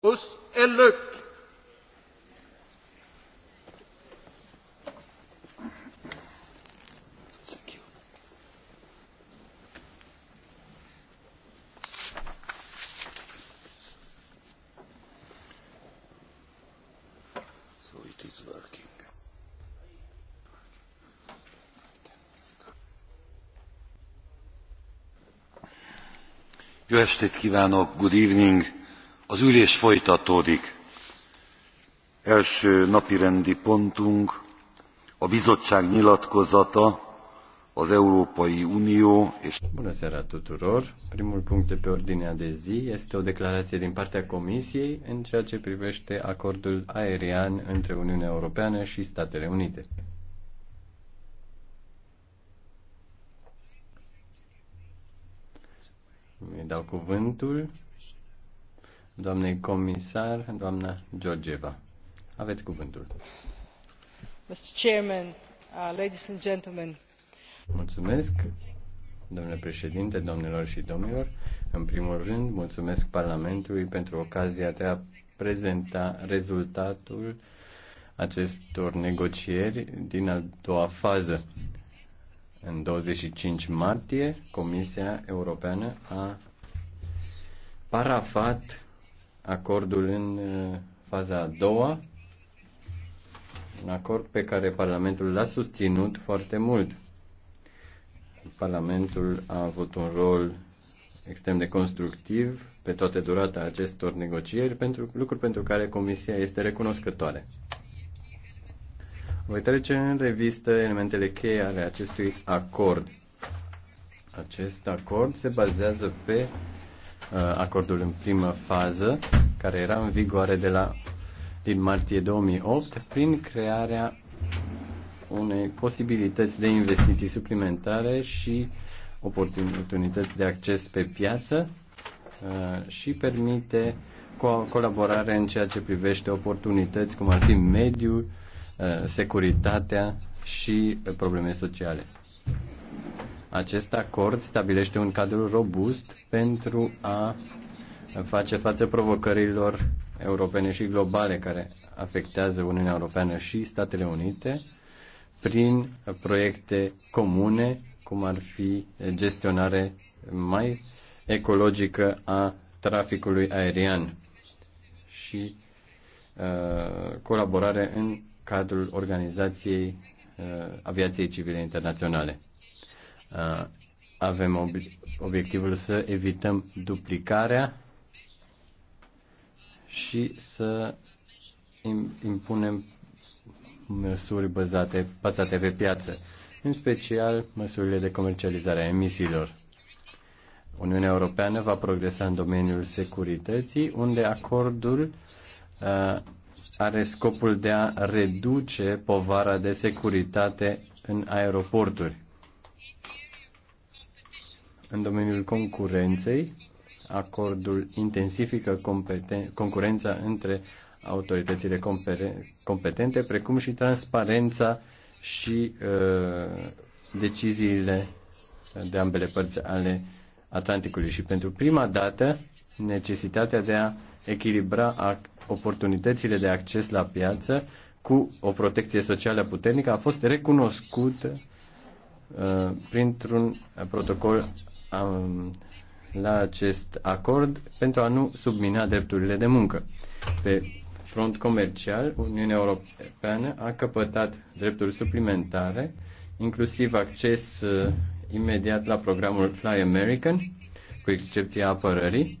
Us Elluk. So Jó estét kívánok, good evening! Az ülés folytatódik. Első napirendi pontunk a bizottság nyilatkozata az Európai Unió és... Bună seara tuturor! Primul punct de pe ordinea de zi este o declarație din partea Comisiei în ceea ce privește acordul aerian între Uniunea Europeană și Statele Unite. Îi dau cuvântul doamnei comisar, doamna Georgieva. Aveți cuvântul. Mr. Chairman, uh, ladies and gentlemen. Mulțumesc, domnule președinte, domnilor și domnilor. În primul rând, mulțumesc Parlamentului pentru ocazia de a prezenta rezultatul acestor negocieri din a doua fază. În 25 martie, Comisia Europeană a parafat acordul în uh, faza a doua, un acord pe care Parlamentul l-a susținut foarte mult. Parlamentul a avut un rol extrem de constructiv pe toată durata acestor negocieri, pentru, lucruri pentru care Comisia este recunoscătoare. Voi trece în revistă elementele cheie ale acestui acord. Acest acord se bazează pe Uh, acordul în primă fază, care era în vigoare de la, din martie 2008, prin crearea unei posibilități de investiții suplimentare și oportunități de acces pe piață uh, și permite colaborare în ceea ce privește oportunități cum ar fi mediul, uh, securitatea și probleme sociale. Acest acord stabilește un cadru robust pentru a face față provocărilor europene și globale care afectează Uniunea Europeană și Statele Unite prin proiecte comune, cum ar fi gestionare mai ecologică a traficului aerian și uh, colaborare în cadrul Organizației uh, Aviației Civile Internaționale. Uh, avem ob- obiectivul să evităm duplicarea și să impunem măsuri bazate, bazate pe piață, în special măsurile de comercializare a emisiilor. Uniunea Europeană va progresa în domeniul securității, unde acordul uh, are scopul de a reduce povara de securitate în aeroporturi. În domeniul concurenței, acordul intensifică concurența între autoritățile competente, precum și transparența și uh, deciziile de ambele părți ale Atlanticului. Și pentru prima dată, necesitatea de a echilibra oportunitățile de acces la piață cu o protecție socială puternică a fost recunoscută uh, printr-un protocol la acest acord pentru a nu submina drepturile de muncă. Pe front comercial, Uniunea Europeană a căpătat drepturi suplimentare, inclusiv acces uh, imediat la programul Fly American, cu excepția apărării,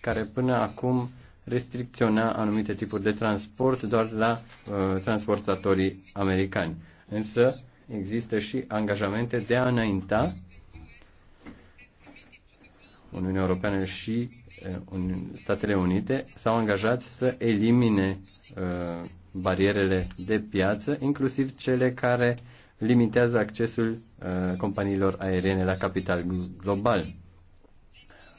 care până acum restricționa anumite tipuri de transport doar la uh, transportatorii americani. Însă există și angajamente de a înainta Uniunea Europeană și Statele Unite s-au angajat să elimine barierele de piață, inclusiv cele care limitează accesul companiilor aeriene la capital global.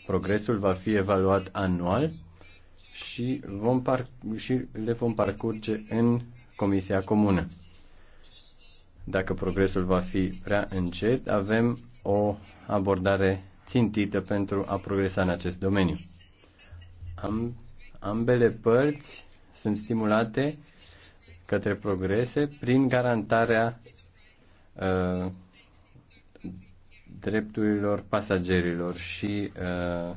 Progresul va fi evaluat anual și, vom par- și le vom parcurge în Comisia Comună. Dacă progresul va fi prea încet, avem o abordare țintită pentru a progresa în acest domeniu. Am, ambele părți sunt stimulate către progrese prin garantarea uh, drepturilor pasagerilor și uh,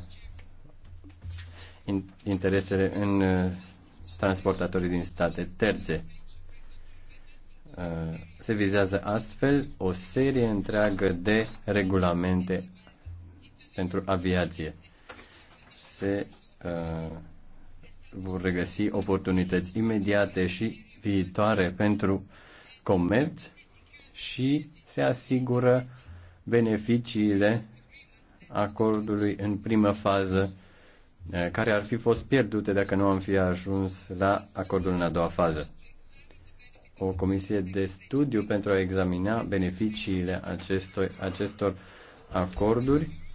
interesele în uh, transportatorii din state terțe. Uh, se vizează astfel o serie întreagă de regulamente pentru aviație. Se uh, vor regăsi oportunități imediate și viitoare pentru comerț și se asigură beneficiile acordului în primă fază uh, care ar fi fost pierdute dacă nu am fi ajuns la acordul în a doua fază. O comisie de studiu pentru a examina beneficiile acestor, acestor acorduri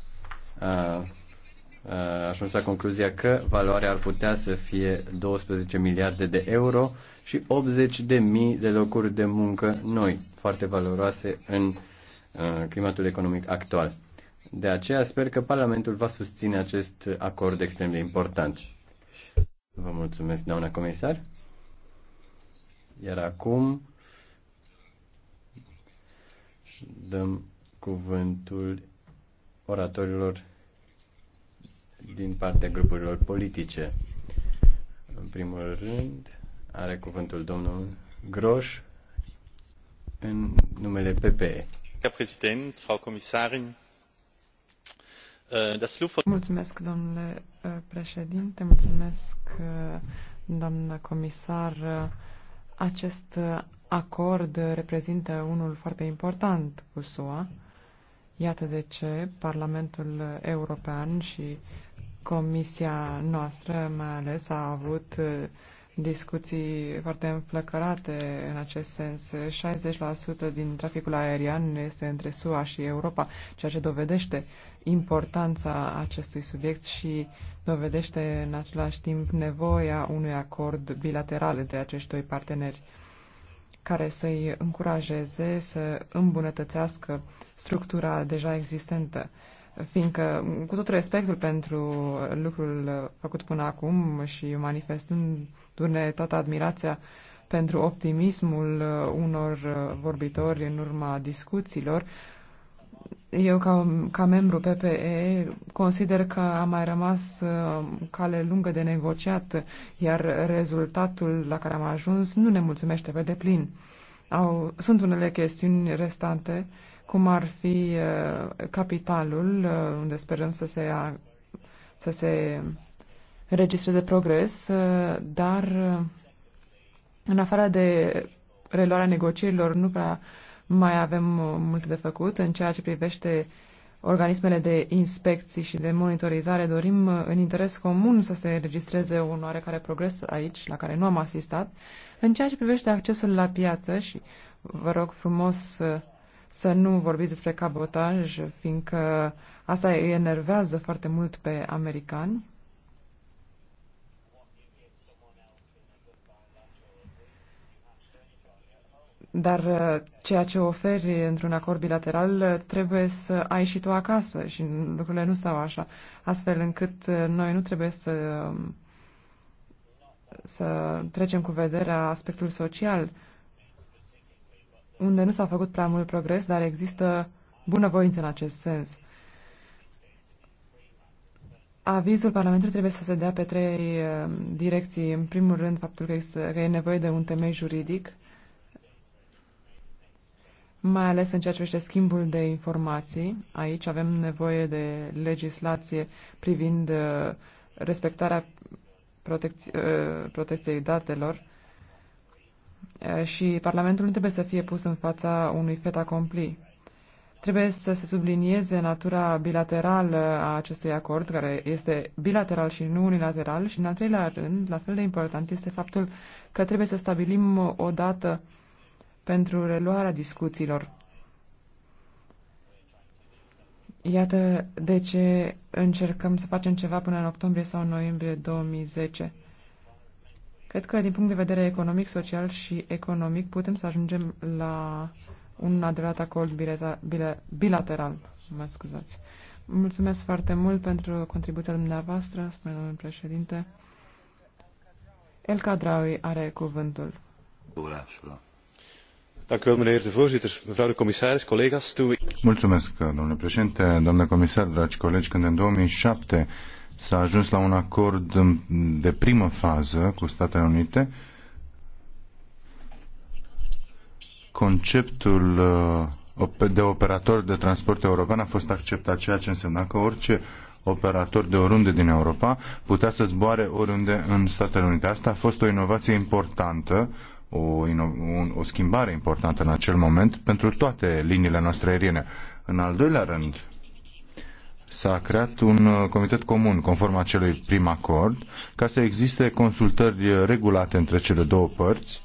ajuns la concluzia că valoarea ar putea să fie 12 miliarde de euro și 80 de mii de locuri de muncă noi, foarte valoroase în climatul economic actual. De aceea sper că Parlamentul va susține acest acord extrem de important. Vă mulțumesc, doamna comisar. Iar acum dăm cuvântul oratorilor din partea grupurilor politice. În primul rând, are cuvântul domnul Groș în numele PPE. Äh, mulțumesc, domnule äh, președinte, mulțumesc, äh, doamna comisar. Acest acord reprezintă unul foarte important cu SUA. Iată de ce Parlamentul European și Comisia noastră, mai ales, a avut uh, discuții foarte înflăcărate în acest sens. 60% din traficul aerian este între SUA și Europa, ceea ce dovedește importanța acestui subiect și dovedește în același timp nevoia unui acord bilateral de acești doi parteneri care să-i încurajeze să îmbunătățească structura deja existentă fiindcă, cu tot respectul pentru lucrul făcut până acum și manifestându-ne toată admirația pentru optimismul unor vorbitori în urma discuțiilor, eu, ca, ca membru PPE, consider că a mai rămas uh, cale lungă de negociat, iar rezultatul la care am ajuns nu ne mulțumește pe deplin. Au, sunt unele chestiuni restante uh, cum ar fi uh, capitalul, uh, unde sperăm să se, să se registreze progres, uh, dar în afară de reluarea negocierilor nu prea mai avem multe de făcut în ceea ce privește organismele de inspecții și de monitorizare. Dorim în interes comun să se registreze un oarecare progres aici, la care nu am asistat. În ceea ce privește accesul la piață și vă rog frumos să nu vorbiți despre cabotaj, fiindcă asta îi enervează foarte mult pe americani. Dar uh, ceea ce oferi într-un acord bilateral uh, trebuie să ai și tu acasă și lucrurile nu stau așa, astfel încât uh, noi nu trebuie să, um, să trecem cu vederea aspectul social unde nu s-a făcut prea mult progres, dar există bunăvoință în acest sens. Avizul Parlamentului trebuie să se dea pe trei uh, direcții. În primul rând, faptul că, există, că e nevoie de un temei juridic, mai ales în ceea ce privește schimbul de informații. Aici avem nevoie de legislație privind uh, respectarea uh, protecției datelor și Parlamentul nu trebuie să fie pus în fața unui fet acompli. Trebuie să se sublinieze natura bilaterală a acestui acord, care este bilateral și nu unilateral, și în al treilea rând, la fel de important, este faptul că trebuie să stabilim o dată pentru reluarea discuțiilor. Iată de ce încercăm să facem ceva până în octombrie sau noiembrie 2010. Cred că din punct de vedere economic, social și economic putem să ajungem la un adevărat acord bilateral. Mă scuzați. Mulțumesc foarte mult pentru contribuția dumneavoastră, spune domnul președinte. El Cadraui are cuvântul. Mulțumesc, domnule președinte, domnule comisar, dragi colegi, când în 2007 S-a ajuns la un acord de primă fază cu Statele Unite. Conceptul uh, de operator de transport european a fost acceptat, ceea ce însemna că orice operator de oriunde din Europa putea să zboare oriunde în Statele Unite. Asta a fost o inovație importantă, o, ino- o schimbare importantă în acel moment pentru toate liniile noastre aeriene. În al doilea rând, s-a creat un uh, comitet comun conform acelui prim acord ca să existe consultări uh, regulate între cele două părți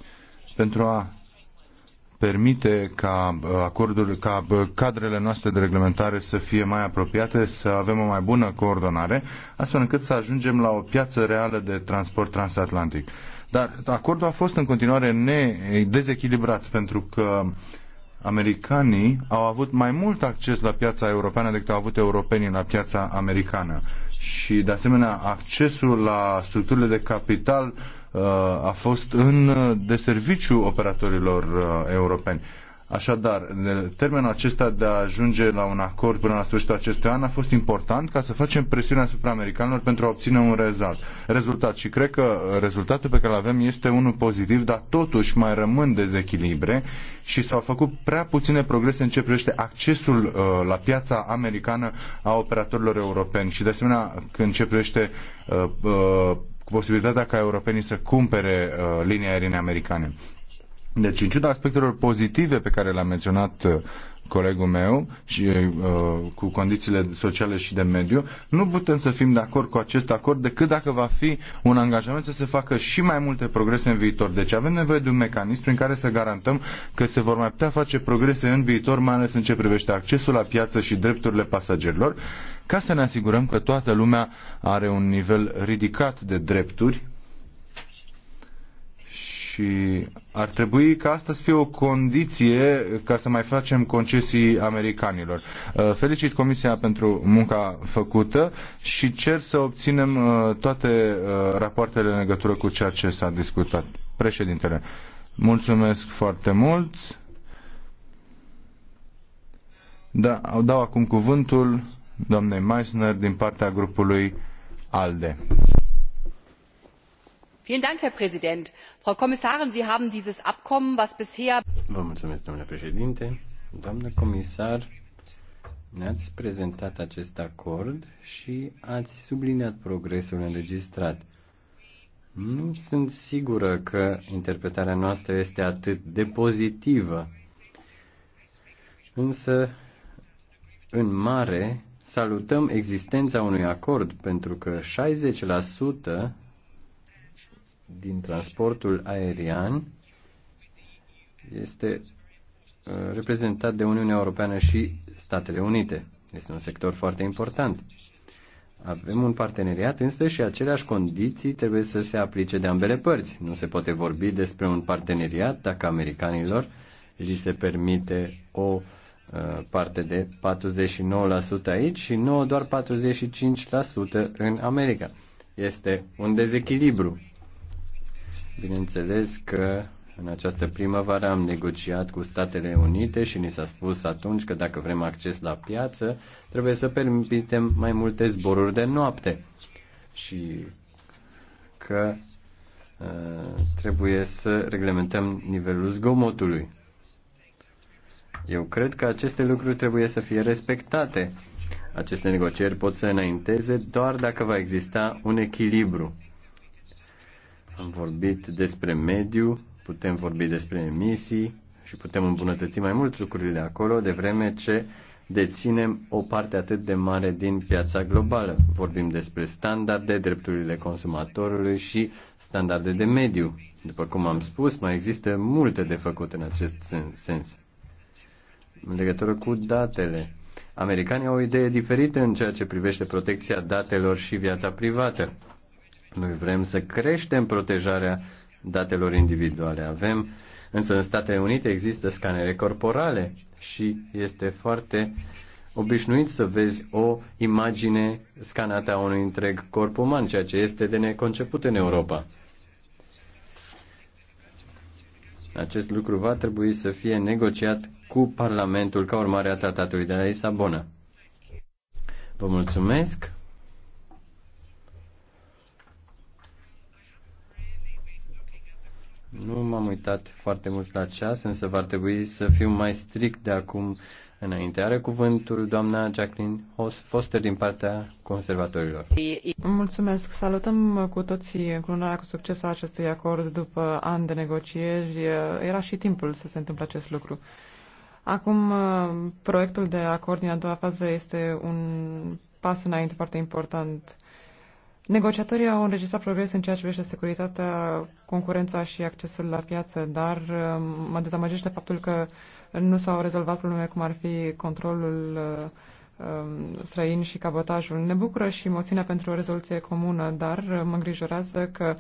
pentru a permite ca uh, acordul, ca cadrele noastre de reglementare să fie mai apropiate, să avem o mai bună coordonare, astfel încât să ajungem la o piață reală de transport transatlantic. Dar acordul a fost în continuare dezechilibrat pentru că americanii au avut mai mult acces la piața europeană decât au avut europenii la piața americană. Și, de asemenea, accesul la structurile de capital uh, a fost în uh, de serviciu operatorilor uh, europeni. Așadar, termenul acesta de a ajunge la un acord până la sfârșitul acestui an a fost important ca să facem presiune asupra americanilor pentru a obține un rezalt. rezultat. Și cred că rezultatul pe care îl avem este unul pozitiv, dar totuși mai rămân dezechilibre și s-au făcut prea puține progrese în ce privește accesul uh, la piața americană a operatorilor europeni și de asemenea în ce privește uh, uh, posibilitatea ca europenii să cumpere uh, linii aeriene americane. Deci, în ciuda aspectelor pozitive pe care le-a menționat uh, colegul meu și uh, cu condițiile sociale și de mediu, nu putem să fim de acord cu acest acord decât dacă va fi un angajament să se facă și mai multe progrese în viitor. Deci avem nevoie de un mecanism prin care să garantăm că se vor mai putea face progrese în viitor, mai ales în ce privește accesul la piață și drepturile pasagerilor, ca să ne asigurăm că toată lumea are un nivel ridicat de drepturi și ar trebui ca asta să fie o condiție ca să mai facem concesii americanilor. Uh, felicit Comisia pentru munca făcută și cer să obținem uh, toate uh, rapoartele în legătură cu ceea ce s-a discutat. Președintele, mulțumesc foarte mult. Da, dau acum cuvântul doamnei Meissner din partea grupului ALDE herr präsident! frau kommissarin sie haben dieses abkommen das bisher. domnule președinte doamnă comisar ne ați prezentat acest acord și ați subliniat progresul înregistrat. Nu sunt sigură că interpretarea noastră este atât de pozitivă, însă, în mare, salutăm existența unui acord pentru că 60% din transportul aerian este uh, reprezentat de Uniunea Europeană și Statele Unite. Este un sector foarte important. Avem un parteneriat, însă și aceleași condiții trebuie să se aplice de ambele părți. Nu se poate vorbi despre un parteneriat dacă americanilor li se permite o uh, parte de 49% aici și nouă doar 45% în America. Este un dezechilibru Bineînțeles că în această primăvară am negociat cu Statele Unite și ni s-a spus atunci că dacă vrem acces la piață, trebuie să permitem mai multe zboruri de noapte și că uh, trebuie să reglementăm nivelul zgomotului. Eu cred că aceste lucruri trebuie să fie respectate. Aceste negocieri pot să înainteze doar dacă va exista un echilibru am vorbit despre mediu, putem vorbi despre emisii și putem îmbunătăți mai mult lucrurile de acolo, de vreme ce deținem o parte atât de mare din piața globală. Vorbim despre standarde, drepturile consumatorului și standarde de mediu. După cum am spus, mai există multe de făcut în acest sens. În legătură cu datele, americanii au o idee diferită în ceea ce privește protecția datelor și viața privată. Noi vrem să creștem protejarea datelor individuale. Avem, însă în Statele Unite există scanere corporale și este foarte obișnuit să vezi o imagine scanată a unui întreg corp uman, ceea ce este de neconceput în Europa. Acest lucru va trebui să fie negociat cu Parlamentul ca urmare a tratatului de la Lisabona. Vă mulțumesc! Nu m-am uitat foarte mult la ceas, însă va trebui să fiu mai strict de acum înainte. Are cuvântul doamna Jacqueline Foster din partea conservatorilor. Mulțumesc. Salutăm cu toții încununarea cu succes a acestui acord după ani de negocieri. Era și timpul să se întâmple acest lucru. Acum, proiectul de acord din a doua fază este un pas înainte foarte important Negociatorii au înregistrat progres în ceea ce privește securitatea, concurența și accesul la piață, dar uh, mă dezamăgește faptul că nu s-au rezolvat probleme cum ar fi controlul uh, um, străin și cabotajul. Ne bucură și moțiunea pentru o rezoluție comună, dar uh, mă îngrijorează că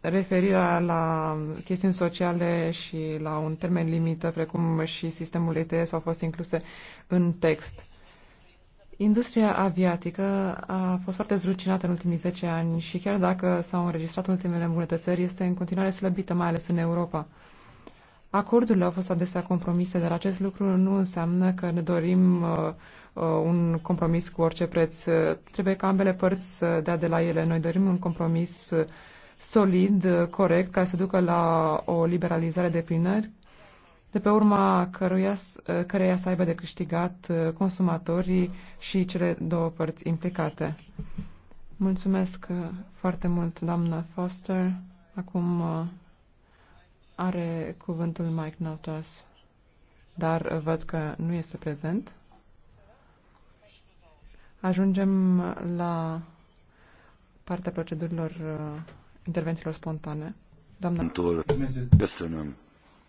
referirea la chestiuni sociale și la un termen limită, precum și sistemul ETS, au fost incluse în text. Industria aviatică a fost foarte zrucinată în ultimii 10 ani și chiar dacă s-au înregistrat ultimele îmbunătățări, este în continuare slăbită, mai ales în Europa. Acordurile au fost adesea compromise, dar acest lucru nu înseamnă că ne dorim uh, uh un compromis cu orice preț. Trebuie ca ambele părți să dea de la ele. Noi dorim un compromis solid, corect, care să ducă la o liberalizare de plină, de pe urma căruia, căreia să aibă de câștigat uh, consumatorii și cele două părți implicate. Mulțumesc uh, foarte mult, doamnă Foster. Acum uh, are cuvântul Mike Nautas, dar văd că nu este prezent. Ajungem la partea procedurilor intervențiilor spontane. Doamna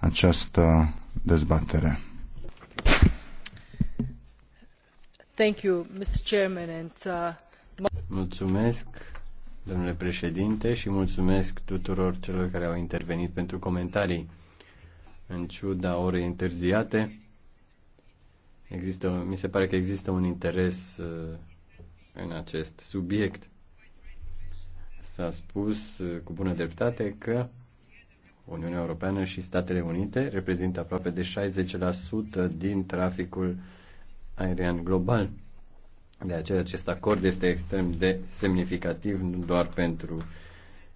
această dezbatere. Thank you, Mr. Chairman, and, uh... Mulțumesc, domnule președinte, și mulțumesc tuturor celor care au intervenit pentru comentarii. În ciuda orei întârziate, există, mi se pare că există un interes uh, în acest subiect. S-a spus uh, cu bună dreptate că Uniunea Europeană și Statele Unite reprezintă aproape de 60% din traficul aerian global. De aceea acest acord este extrem de semnificativ nu doar pentru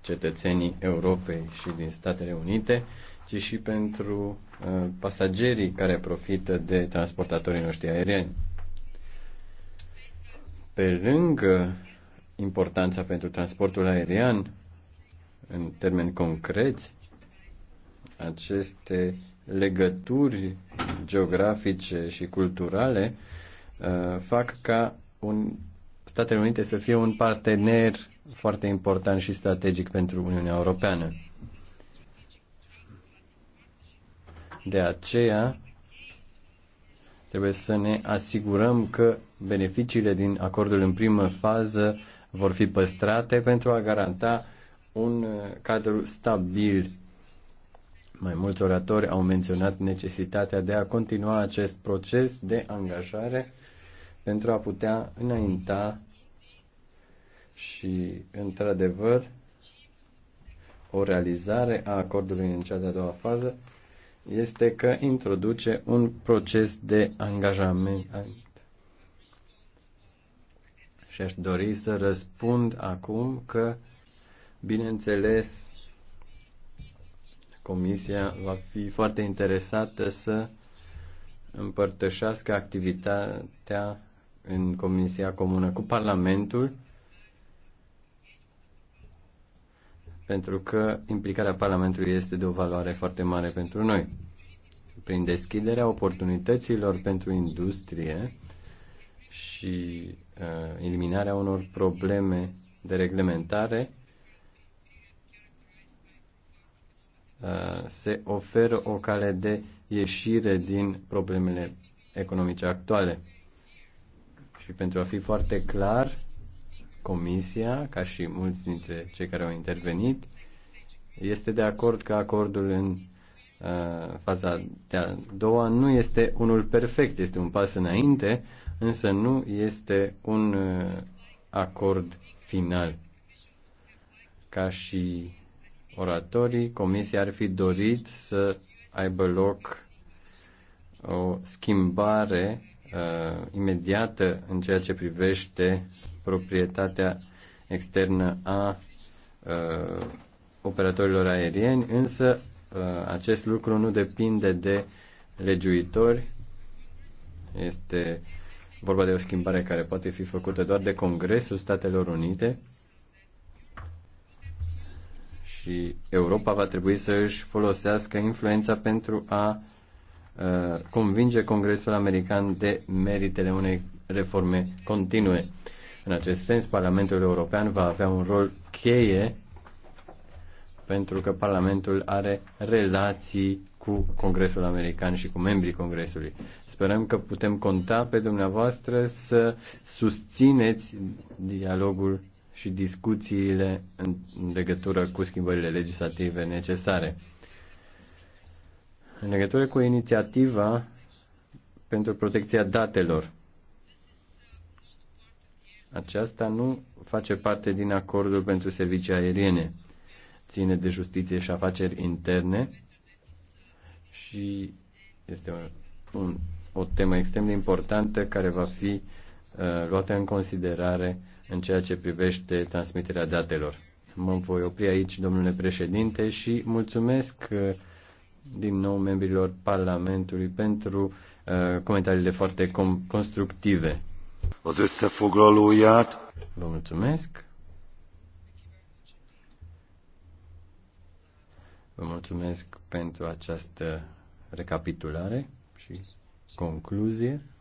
cetățenii Europei și din Statele Unite, ci și pentru uh, pasagerii care profită de transportatorii noștri aerieni. Pe lângă importanța pentru transportul aerian, în termeni concreți, aceste legături geografice și culturale uh, fac ca un Statele Unite să fie un partener foarte important și strategic pentru Uniunea Europeană. De aceea, trebuie să ne asigurăm că beneficiile din acordul în primă fază vor fi păstrate pentru a garanta un uh, cadru stabil mai mulți oratori au menționat necesitatea de a continua acest proces de angajare pentru a putea înainta și, într-adevăr, o realizare a acordului în cea de-a doua fază este că introduce un proces de angajament. Și aș dori să răspund acum că, bineînțeles, Comisia va fi foarte interesată să împărtășească activitatea în Comisia Comună cu Parlamentul, pentru că implicarea Parlamentului este de o valoare foarte mare pentru noi. Prin deschiderea oportunităților pentru industrie și uh, eliminarea unor probleme de reglementare, Uh, se oferă o cale de ieșire din problemele economice actuale. Și pentru a fi foarte clar, Comisia, ca și mulți dintre cei care au intervenit, este de acord că acordul în uh, faza de-a doua nu este unul perfect, este un pas înainte, însă nu este un uh, acord final. Ca și oratorii, Comisia ar fi dorit să aibă loc o schimbare uh, imediată în ceea ce privește proprietatea externă a uh, operatorilor aerieni, însă uh, acest lucru nu depinde de legiuitori. Este vorba de o schimbare care poate fi făcută doar de Congresul Statelor Unite și Europa va trebui să își folosească influența pentru a uh, convinge Congresul American de meritele unei reforme continue. În acest sens, Parlamentul European va avea un rol cheie pentru că Parlamentul are relații cu Congresul American și cu membrii Congresului. Sperăm că putem conta pe dumneavoastră să susțineți dialogul și discuțiile în legătură cu schimbările legislative necesare. În legătură cu inițiativa pentru protecția datelor, aceasta nu face parte din acordul pentru servicii aeriene. Ține de justiție și afaceri interne și este o, un, o temă extrem de importantă care va fi Uh, luate în considerare în ceea ce privește transmiterea datelor. Mă voi opri aici, domnule președinte, și mulțumesc uh, din nou membrilor Parlamentului pentru uh, comentariile foarte constructive. Az összefoglalóját. Vă mulțumesc. Vă mulțumesc pentru această recapitulare și concluzie.